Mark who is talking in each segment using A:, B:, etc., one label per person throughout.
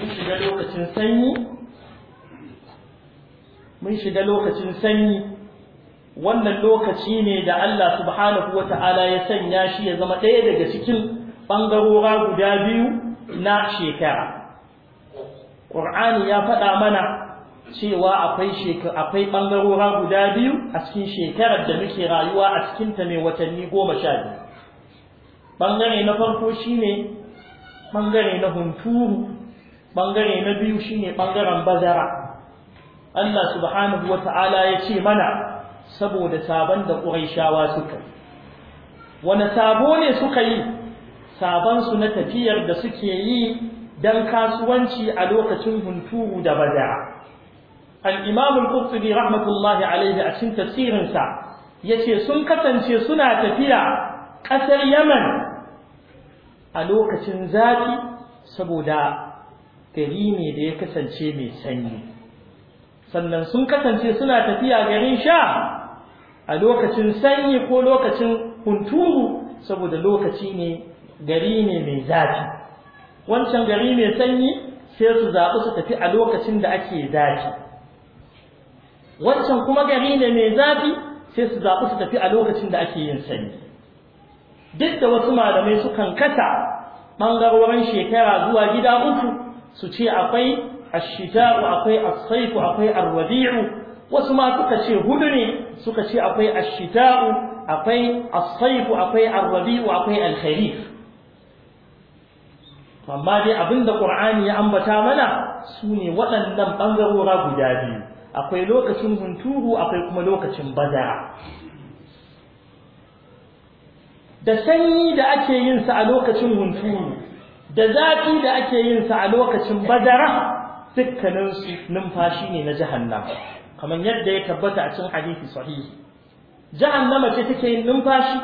A: mun shiga lokacin sanyi mun shiga lokacin sanyi wannan lokaci ne da Allah subhanahu Ta'ala ya sanya shi ya zama ɗaya daga cikin ɓangarora guda biyu na shekara ƙur'ani ya faɗa mana cewa akwai akwai ɓangarora guda biyu a cikin shekarar da muke rayuwa a cikin ta mai watanni goma sha biyu ɓangare na farko shine ɓangare na hunturu bangare na biyu shine ɓangaren bazara Allah subhanahu Ta'ala ya ce mana saboda sabon da ƙuraishawa suka wani sabo ne suka yi sabon su na tafiyar da suke yi dan kasuwanci a lokacin hunturu da bazara al-Imam rahmatullahi alayhi a cin tafsirin ya yace sun kasance suna tafiya ƙasar Yaman a lokacin zafi saboda gari ne da ya kasance mai sanyi sannan sun kasance suna tafiya garin sha a lokacin sanyi ko lokacin hunturu saboda lokaci ne gari ne mai zafi wancan gari mai sanyi sai su zaɓi su tafi a lokacin da ake zafi wancan kuma gari ne mai zafi sai su zaɓi su tafi a lokacin da ake yin sanyi duk da wasu malamai sukan kasa ɓangarorin shekara zuwa gida uku su ce akwai ashita'u akwai as akwai ar wasu ma suka ce hudu ne suka ce akwai ashita'u akwai as akwai ar akwai al amma dai abinda Qur'ani ya ambata mana sune waɗannan bangarora guda biyu akwai lokacin hunturu akwai kuma lokacin bazara da sanyi da ake yin sa a lokacin hunturu da zafi da ake yin sa a lokacin badara dukkanin su numfashi ne na jahannam kamar yadda ya tabbata a cikin hadisi sahihi jahannama ce take yin numfashi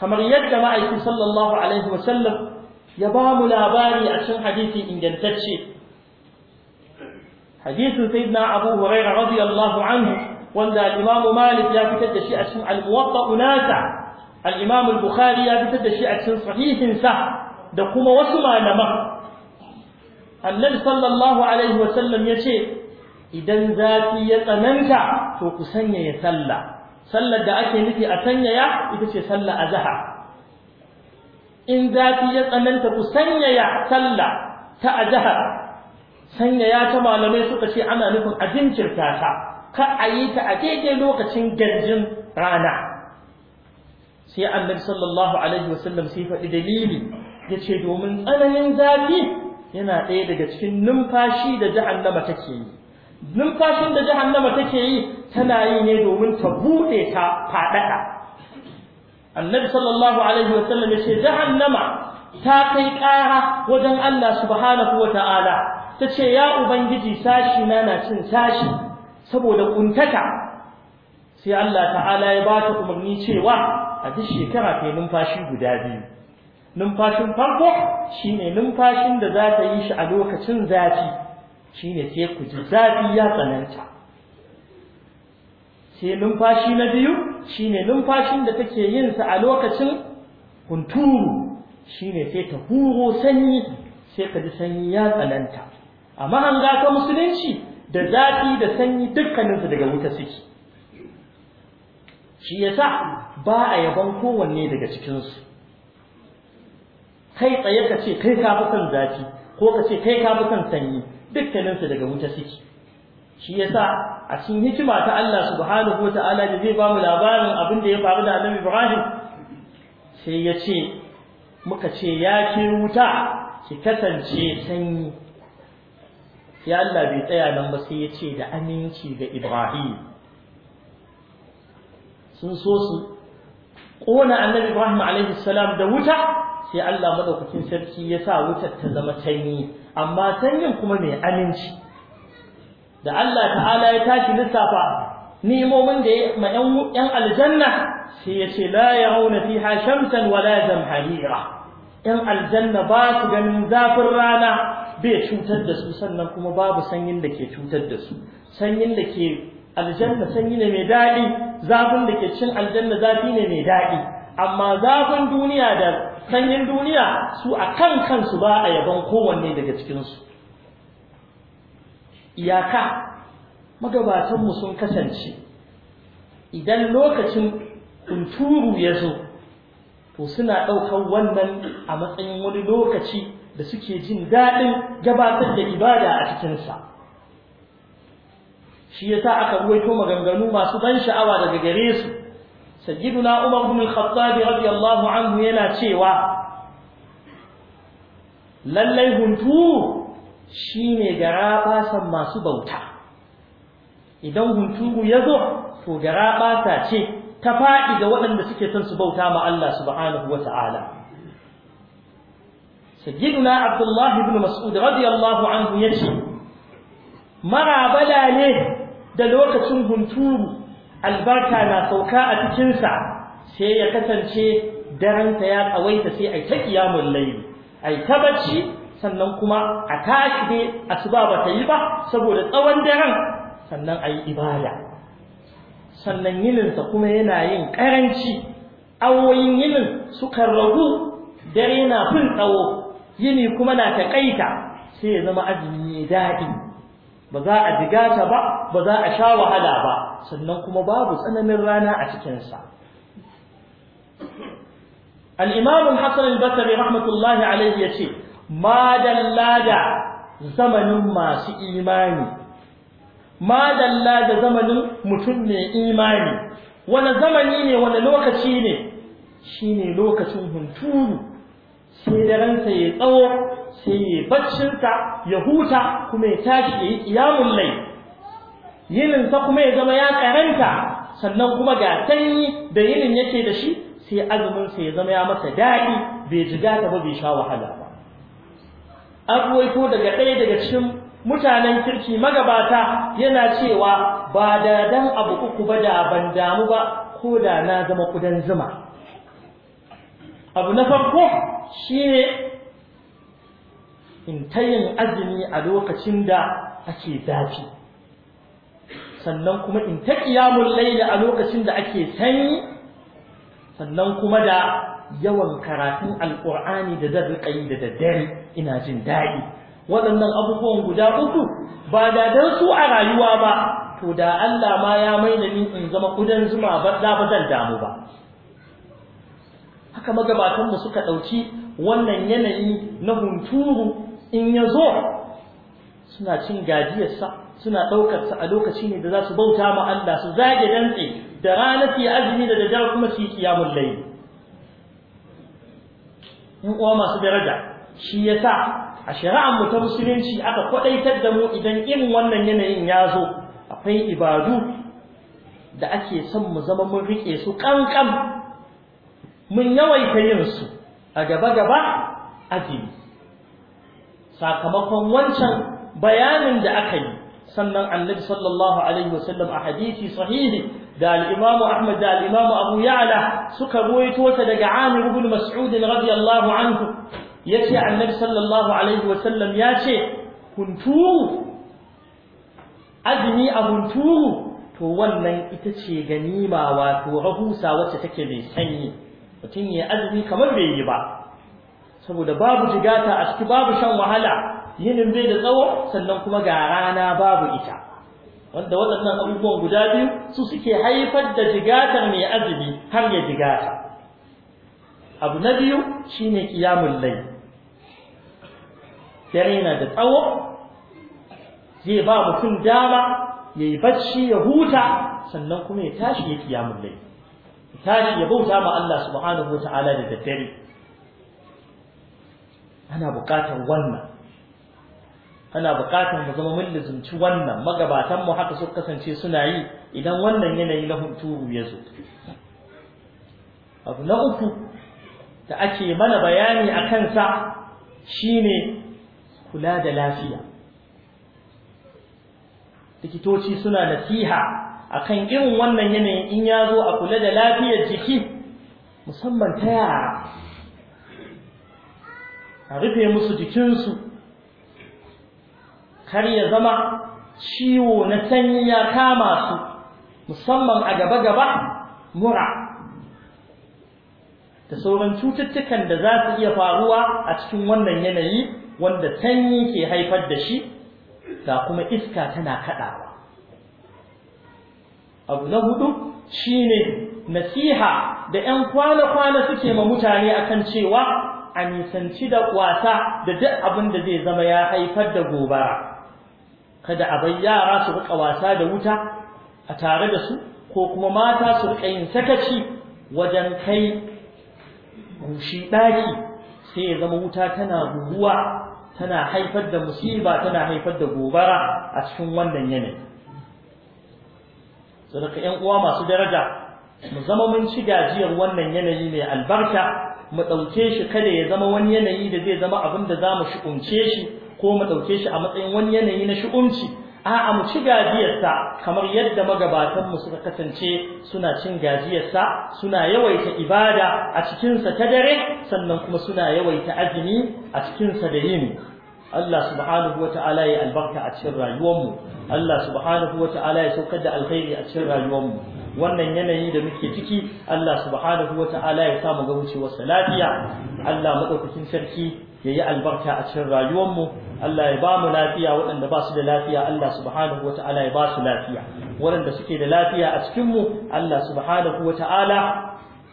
A: kamar yadda ma'aikin sallallahu alaihi wasallam ya ba mu labari a cikin hadisi ingantacce hadisin sayyidina abu hurairah radiyallahu anhu wanda al-imam malik ya fitar da shi a cikin al-muwatta unasa al-imam al-bukhari ya fitar da shi a cikin sahihinsa da kuma wasu malaman annabi sallallahu alaihi wasallam ya ce idan zafi ya tsananta to ku sanyaya sallah sallar da ake nufi a sanyaya ita ce sallah azhar in zafi ya tsananta ku sanyaya sallah ta azhar sanyaya ta malamai suka ce ana nufin a jinkirta ta ka a yi ta a daidai lokacin garjin rana sai annabi sallallahu alaihi wasallam sai faɗi dalili ce domin tsananin zafi yana ɗaya daga cikin numfashi da jahannama take yi numfashin da nama take yi tana yi ne domin ta buɗe ta faɗaɗa annabi sallallahu alaihi wasallam yace jahannama ta kai ƙara wajen Allah subhanahu Ta ce ya ubangiji sashi na na cin sashi saboda kuntata sai Allah ta'ala ya ba ta umarni cewa a duk shekara fai numfashi guda biyu numfashin farko shine numfashin da za ta yi shi a lokacin zafi shine sai ku ji zafi ya tsananta sai numfashi na biyu shine numfashin da take yin sa a lokacin hunturu shine sai ta huro sanyi sai ka ji sanyi ya tsananta amma an ga ta musulunci da zafi da sanyi dukkaninsu daga wuta suke shi yasa ba a yaban kowanne daga cikinsu kai tsaye ka ce kai ka fi son zafi ko ka ce kai ka fi son sanyi dukkaninsu daga wuta suke shi yasa a cikin hikima ta Allah subhanahu wata'ala da zai bamu labarin abin da ya faru da Annabi Ibrahim sai ya ce muka ce ya ke wuta ki kasance sanyi sai Allah bai tsaya nan ba sai ya ce da aminci ga Ibrahim sun so su ƙona Annabi Ibrahim alaihi salam da wuta sai Allah madaukakin sarki ya sa wutar ta zama sanyi amma sanyin kuma mai aminci da Allah ta'ala ya tashi lissafa nimomin da ya ma yan aljanna sai ya ce la yarawna fiha shamsan wala zamharira yan aljanna ba su ganin zafin rana bai cutar da su sannan kuma babu sanyin da ke cutar da su sanyin da ke aljanna sanyi ne mai daɗi zafin da ke cin aljanna zafi ne mai daɗi amma zafin duniya da sanyin duniya su a kan kansu ba a yaban kowanne daga cikinsu iyaka magabatanmu sun kasance idan lokacin kunturu ya zo to suna ɗaukar wannan a matsayin wani lokaci da suke jin daɗin gabatar da ibada a cikinsa shi yasa aka ruwaito maganganu masu ban sha'awa daga gare su na umar bin al-khattab radiyallahu anhu yana cewa lallai hunturu shine gara basan masu bauta idan hunturu ya zo to gara basa ce ta faɗi ga waɗanda suke son su bauta ma Allah subhanahu wata'ala na abdullah ibn mas'ud radiyallahu anhu yace marabala ne da lokacin hunturu albarka na sauka a cikinsa sai ya kasance ta ya tsawaita sai a ta kiyamun laili a ta bacci sannan kuma a tashi dai asuba ba ta yi ba saboda tsawon daren sannan a yi ibada sannan yininsa kuma yana yin ƙaranci awoyin yinin sukan ragu dare na fin tsawo yini kuma na taƙaita sai ya zama azumi daɗi ba za a jigata ba ba za a sha wahala ba sannan kuma babu tsananin rana a cikinsa al-imam al-hasan al-basri rahmatullahi alayhi yace ma dallada zamanin masu imani ma dallada zamanin mutum mai imani wani zamani ne wani lokaci ne shine lokacin hunturu sai da ransa ya tsawo sai ya baccinsa ya huta kuma ya tashi ya yi iyamun lai yininsa kuma ya zama ya karanta sannan kuma ga sanyi da yinin yake da shi sai azuminsa ya zama ya masa daɗi bai jigata gata ba bai sha wahala ba abuwai ko daga ɗaya daga cikin mutanen kirki magabata yana cewa ba da dan abu uku ba da ban damu ba ko da na zama kudan zuma abu na farko shi ne. in ta yin azumi a lokacin da ake zafi sannan kuma in ta ƙiyamun laila a lokacin da ake sanyi sannan kuma da yawan karatun alkur'ani da zan riƙa yi da daddare ina jin daɗi waɗannan abubuwan guda uku ba da don su a rayuwa ba to da Allah ma ya maida ni in zama kudan zuma ba za ba zan damu ba haka magabatanmu suka ɗauki wannan yanayi na hunturu in ya zo suna cin gajiyarsa suna ɗaukarsa a lokaci ne da za su bauta ma Allah su zage dantse da rana su azumi da daddare kuma su yi kiyamun layi in uwa masu daraja shi ya sa a shari'ar mu ta musulunci aka kwaɗaitar da mu idan irin wannan yanayin ya zo akwai ibadu da ake son mu zama mun riƙe su ƙanƙan mun yawaita yin su a gaba-gaba azumi sakamakon wancan bayanin da aka yi sannan annabi sallallahu alaihi wasallam a hadisi sahihi da al-imamu ahmad da al-imamu abu ya'la suka ruwaito ta daga amir ibn mas'ud radiyallahu anhu yace annabi sallallahu alaihi wasallam yace kuntu azmi abuntu to wannan ita ce ganima wato rahusa wacce take mai sanyi mutum ya azumi kamar bai yi ba saboda babu jigata a ciki babu shan wahala yinin bai da tsawo sannan kuma ga rana babu ita wanda waɗannan abubuwan guda biyu su suke haifar da jigatar mai azumi har ya jigata abu na biyu shine qiyamul layl dare na da tsawo zai ba mutum dama yayi bacci ya huta sannan kuma ya tashi ya qiyamul layl tashi ya bauta ma Allah subhanahu wataala da daddare ana bukatar wannan ana buƙatar mu zama mun wannan magabatan mu haka suka kasance suna yi idan wannan yanayi na hunturu ya zo abu na uku da ake mana bayani a kansa shine kula da lafiya likitoci suna nasiha akan irin wannan yanayin in ya zo a kula da lafiyar jiki musamman ta yara a rufe musu jikinsu har ya zama ciwo na sanyi ya kama su musamman a gaba-gaba mura da sauran cututtukan da za su iya faruwa a cikin wannan yanayi wanda sanyi ke haifar da shi ga kuma iska tana kaɗawa abu na hudu shine nasiha da 'yan kwana-kwana suke ma mutane akan cewa a nisanci da wasa da duk abin da zai zama ya haifar da gobara kada a bar yara su rika wasa da wuta a tare da su ko kuma mata su rika yin sakaci wajen kai rushi ɗari. sai ya zama wuta tana guguwa tana haifar da musiba tana haifar da gobara a cikin wannan yanayi sadaka yan uwa masu daraja mu zama mun ci gajiyar wannan yanayi mai albarka mu ɗauke shi kada ya zama wani yanayi da zai zama abin da za mu shi ko mu ɗauke shi a matsayin wani yanayi na shi'umci a'a mu ci gajiyarsa kamar yadda magabatanmu suka kasance suna cin gajiyarsa suna yawaita ibada a cikinsa ta dare sannan kuma suna yawaita azumi a cikinsa da yini Allah subhanahu ta'ala ya albarka a cikin rayuwarmu Allah subhanahu ta'ala ya saukar da alkhairi a cikin rayuwarmu wannan yanayi da muke ciki Allah subhanahu ta'ala ya samu ga wucewar lafiya Allah madaukakin sarki ya yi albarka a cikin rayuwarmu Allah ya ba mu lafiya waɗanda ba su da lafiya Allah subhanahu ta'ala ya ba su lafiya waɗanda suke da lafiya a cikin mu Allah subhanahu wata'ala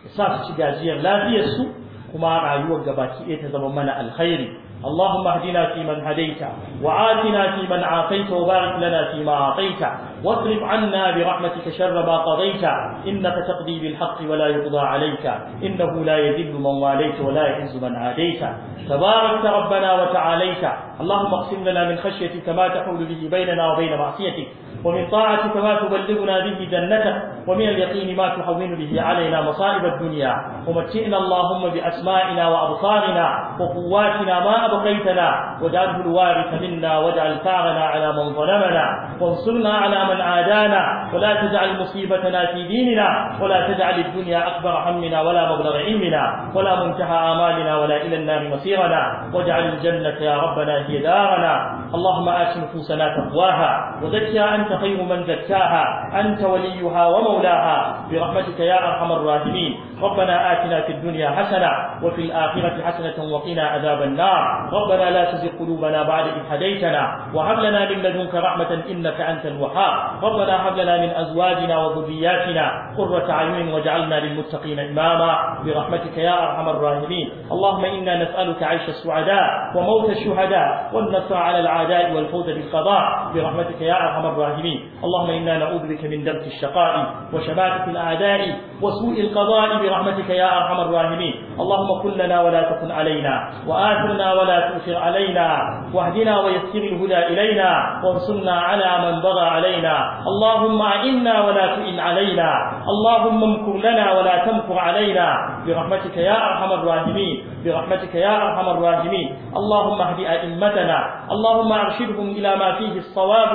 A: ya sa su ci gajiyar lafiyarsu kuma rayuwar gabaki ɗaya ta zama mana alkhairi اللهم اهدنا فيمن هديت وعافنا فيمن عافيت وبارك لنا فيما اعطيت واصرف عنا برحمتك شر ما قضيت انك تقضي بالحق ولا يقضى عليك انه لا يذل من واليت ولا يعز من عاديت تباركت ربنا وتعاليت اللهم اقسم لنا من خشيتك ما تحول به بيننا وبين معصيتك ومن طاعتك ما تبلغنا به جنتك ومن اليقين ما تهون به علينا مصائب الدنيا ومتئنا اللهم بأسمائنا وأبصارنا وقواتنا ما أبقيتنا واجعله الوارث منا واجعل ثارنا على من ظلمنا وانصرنا على من عادانا ولا تجعل مصيبتنا في ديننا ولا تجعل الدنيا أكبر همنا ولا مبلغ علمنا ولا منتهى آمالنا ولا إلى النار مصيرنا واجعل الجنة يا ربنا هي دارنا اللهم آت نفوسنا تقواها وزكها أنت خير من زكاها أنت وليها ومولاها مولاها برحمتك يا أرحم الراحمين ربنا آتنا في الدنيا حسنة وفي الآخرة حسنة وقنا عذاب النار ربنا لا تزغ قلوبنا بعد إذ هديتنا وهب لنا من لدنك رحمة إنك أنت الوهاب ربنا هب لنا من أزواجنا وذرياتنا قرة أعين واجعلنا للمتقين إماما برحمتك يا أرحم الراحمين اللهم إنا نسألك عيش السعداء وموت الشهداء والنصر على العداء والفوز بالقضاء برحمتك يا أرحم الراحمين اللهم إنا نعوذ بك من درك الشقاء وشماتة الأعداء وسوء القضاء برحمتك يا أرحم الراحمين اللهم كن لنا ولا تكن علينا وآثرنا ولا تؤثر علينا واهدنا ويسر الهدى إلينا وانصرنا على من بغى علينا اللهم أعنا ولا تئن علينا اللهم امكر لنا ولا تمكر علينا برحمتك يا أرحم الراحمين برحمتك يا أرحم الراحمين اللهم اهد أئمتنا اللهم أرشدهم إلى ما فيه الصواب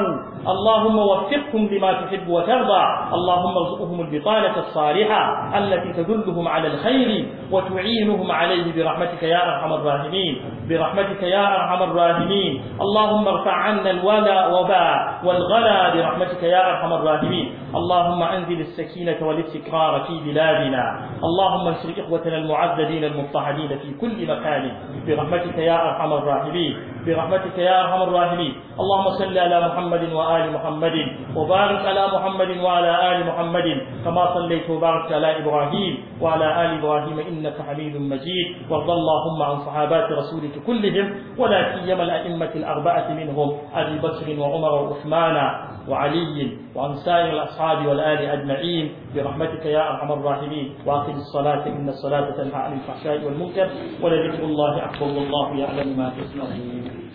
A: اللهم وفقهم لما تحب وترضى اللهم ارزقهم البطانة الصالحة التي تدلهم على الخير وتعينهم عليه برحمتك يا أرحم الراحمين برحمتك يا أرحم الراحمين اللهم ارفع عنا الولاء وباء والغلا برحمتك يا أرحم الراحمين اللهم أنزل السكينة والاستقرار في بلادنا اللهم انصر إخوتنا المعذبين المضطهدين في كل مكان برحمتك يا أرحم الراحمين برحمتك يا ارحم الراحمين اللهم صل على محمد وال محمد وبارك على محمد وعلى ال محمد كما صليت وباركت على ابراهيم وعلى ال ابراهيم انك حميد مجيد وارض اللهم عن صحابات رسولك كلهم ولا سيما الائمه الاربعه منهم ابي بكر وعمر وعثمان وعلي وعن سائر الأصحاب والآل أجمعين برحمتك يا أرحم الراحمين وأقم الصلاة إن الصلاة تنهى عن الفحشاء والمنكر ولذكر الله أكبر والله يعلم ما تصنعون